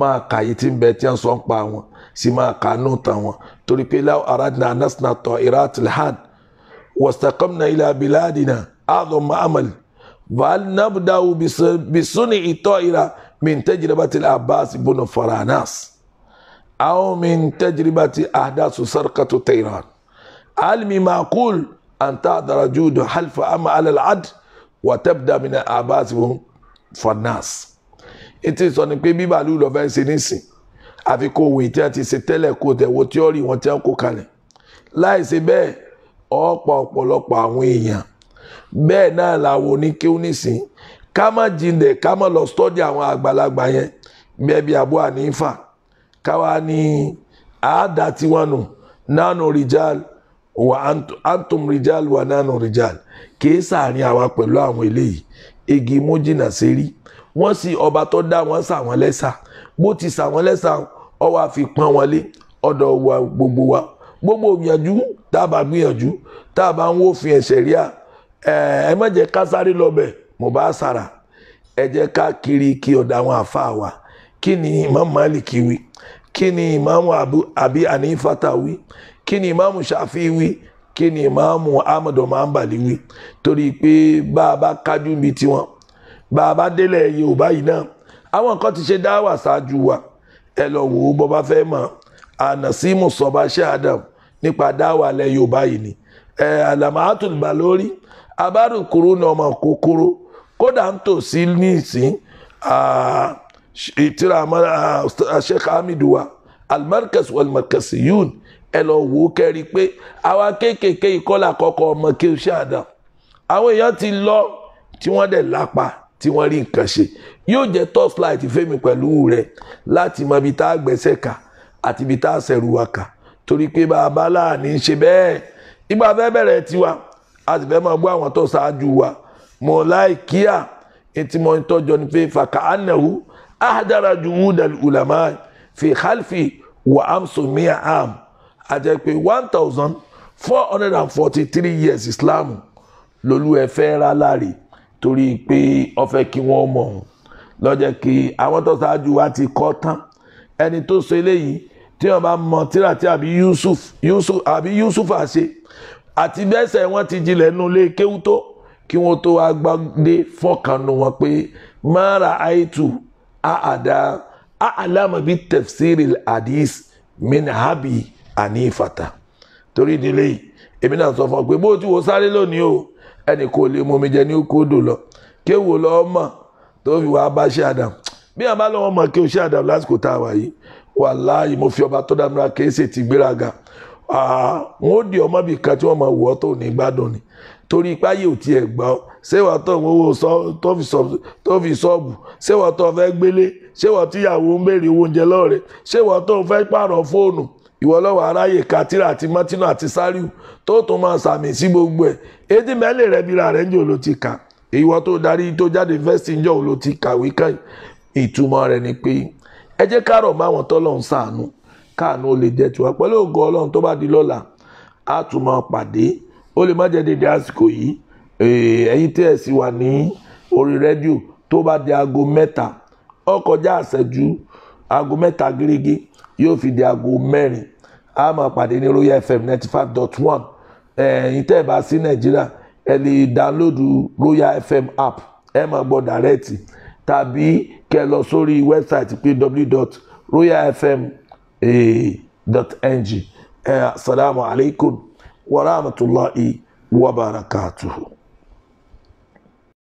Speaker 1: máa kà yìí tí ń bẹ tí wọ́n sọ ń pa wọn sì máa kà á واستقمنا إلى بلادنا أعظم أمل فهل نبدأ بصنع طائرة من تجربة العباس بن فراناس أو من تجربة أحداث سرقة طيران هل ما أقول أن تعذر جود حلف أم على العد وتبدأ من العباس بن فراناس إنتي sọ ni pé bí bàálù lọ fẹ́ ṣe nísìn àfi kó òwe tí wọ́n ọ̀pọ̀ ọ̀pọ̀lọpọ̀ àwọn èèyàn bẹ́ẹ̀ náà làwọn oníkéwú nísìn ká má jinlẹ̀ ká má lọ stọ́dì àwọn àgbàlagbà yẹn bẹ́ẹ̀ bí Abu Hanifa káwa ní àádá tiwọn nù nánú rìjàl wà antum rìjàl wà nánú rìjàl kìí sàárín àwa pẹ̀lú àwọn eléyìí igi mú jìnnà sí rí wọ́n sì ọba tó dá wọn sàwọn lẹ́sà bó ti sàwọn lẹ́sà ó wá pọ́n wọn ọ̀dọ̀ wa gbogbo wa gbogbo ìyànjú tá a bá gbìyànjú tá a bá ń wòfin ẹ̀sẹ̀ ríà ẹ má jẹ́ ká sáré lọ́bẹ̀ mo bá sàrà ẹ jẹ́ ká kiri kí ọ̀dà àwọn àfáà wa kí ni Imam Malik wí kí ni Imam Abu Abi Anifata wí kí ni Imam Shafi wí kí ni Imam Ahmad mahambali wí torí pé bá a bá kájú mi tiwọn bá a bá délẹ̀ Yorùbá yìí náà àwọn kan ti ṣe dáwà ṣáájú wa ẹ lọ wò ó bọ́ bá fẹ́ mọ̀ ànàsímù sọ̀bà ṣáà dàbò nípa dáwà lẹ yorùbá yìí ni ẹ alamahatul balori abárùkúrú ní ọmọ kòkòrò kódà ń tòsí ní ìsín ìtura sheikh hamidu wa almarkas walmarkasi yun ẹ lọ wò ó kẹrí pé àwa kéékèèké ìkọlà kọkọ ọmọ kí o ṣe àdá àwọn èèyàn ti lọ tí wọ́n dẹ̀ lápa tí wọ́n rí nǹkan ṣe yóò jẹ́ top flight fẹ́mi pẹ̀lú rẹ̀ láti mọ tá a gbẹ́sẹ̀ kà àti ibi tá a ṣẹ̀rù wa kà torí pé bàbá láàní ṣe bẹ́ẹ̀ ìgbà fẹ́ bẹ̀rẹ̀ tiwa a sì fẹ́ máa gbọ́ àwọn tó ṣáájú wa mọ̀ láìkíyà etí mọ̀ ìtọ́jọ ni pé fàkà ánàwó àdàrà ju wúdàl ulàmá fi khalfi wà amsomia am àjẹ́ pé one thousand four hundred and forty three years Islam lolú ẹ fẹ́ ra láre torí pé ó fẹ́ kí wọ́n mọ̀ ọ́n lọ́jọ́ kí àwọn tó ṣáájú wa ti kọ́ tán ẹni tó ṣe eléyìí tí wọn bá mọ tíra tí àbí Yusuf Yusuf àbí Yusuf àṣe àti bẹ́sẹ̀ wọn ti jilẹ̀ nu lé kéwú tó kí wọn tó agbádé fọkànnù wọn pé mara aitu aada alamabi tefsiri adis min ani anifata torí ìdílé yìí èmi náà sọ fún ọ pé bó ti wò sáré lónìí o ẹnì kò lè mú mi jẹ ní kódò lọ kéwò lọ́ọ́ mọ̀ tó fi wá bá ṣe àdàm bí àbá lọ́wọ́ mọ̀ kí o ṣe àdàm lásìkò tá a wà yìí wàláhì mo fi ọba tó dá mi ra kìí ṣe ti gbéraga wọn ó di ọmọ bìí kan tí wọ́n máa wọ tó ní gbádùn ni torí ipá yìí ò tiẹ̀ gbà ọ́ ṣéwà tó ń owó tó fi ṣọ́ọ̀bù ṣéwà tó fẹ́ gbélé ṣéwà tíyàwó ń béèrè owó oúnjẹ lọ́ọ̀rẹ́ ṣéwà tó fẹ́ pààrọ̀ fóònù ìwọ lọ́wọ́ aráyè katira àti martino àti sariu tó tún máa sàmì sí gbogbo ẹ̀ etí mẹ́lẹ̀ rẹ bíra rẹ̀ ń jò ló ti kà ìwọ tó darí tó jáde fẹ́sì ń jọ ló ti kàwé kàn ìtumọ̀ rẹ̀ ni pé ẹ jẹ́ kárọ̀ mọ́ àwọn tọ́lọ́run ṣàánú káàánú ó lè jẹ́ tiwa pẹ̀lú ògo ọlọ́run tó bá di lọ́la á tún máa pàdé ó lè má jẹ́ dédé àsìkò yìí ẹ̀yin tí ẹ̀ sì wà ní orí rédíò tó bá di aago mẹ́ta ó kọjá àṣẹjú aago mẹ́ta gírígí yóò fi di aago mẹ́rin a máa pàdé ní Royal FM ninety five dot one ẹ̀yin tẹ́ ẹ̀ bá sí Nàìjíríà ẹ lè dáńlódù Royal FM app ẹ máa gbọ́ dàrẹ́ẹ̀tì tàbí kẹ́ lọ sórí wẹ́bsáìtì www.royalfm.ng. Eh, assalamu alaikum wa rahmatulahi wa barakatuhu.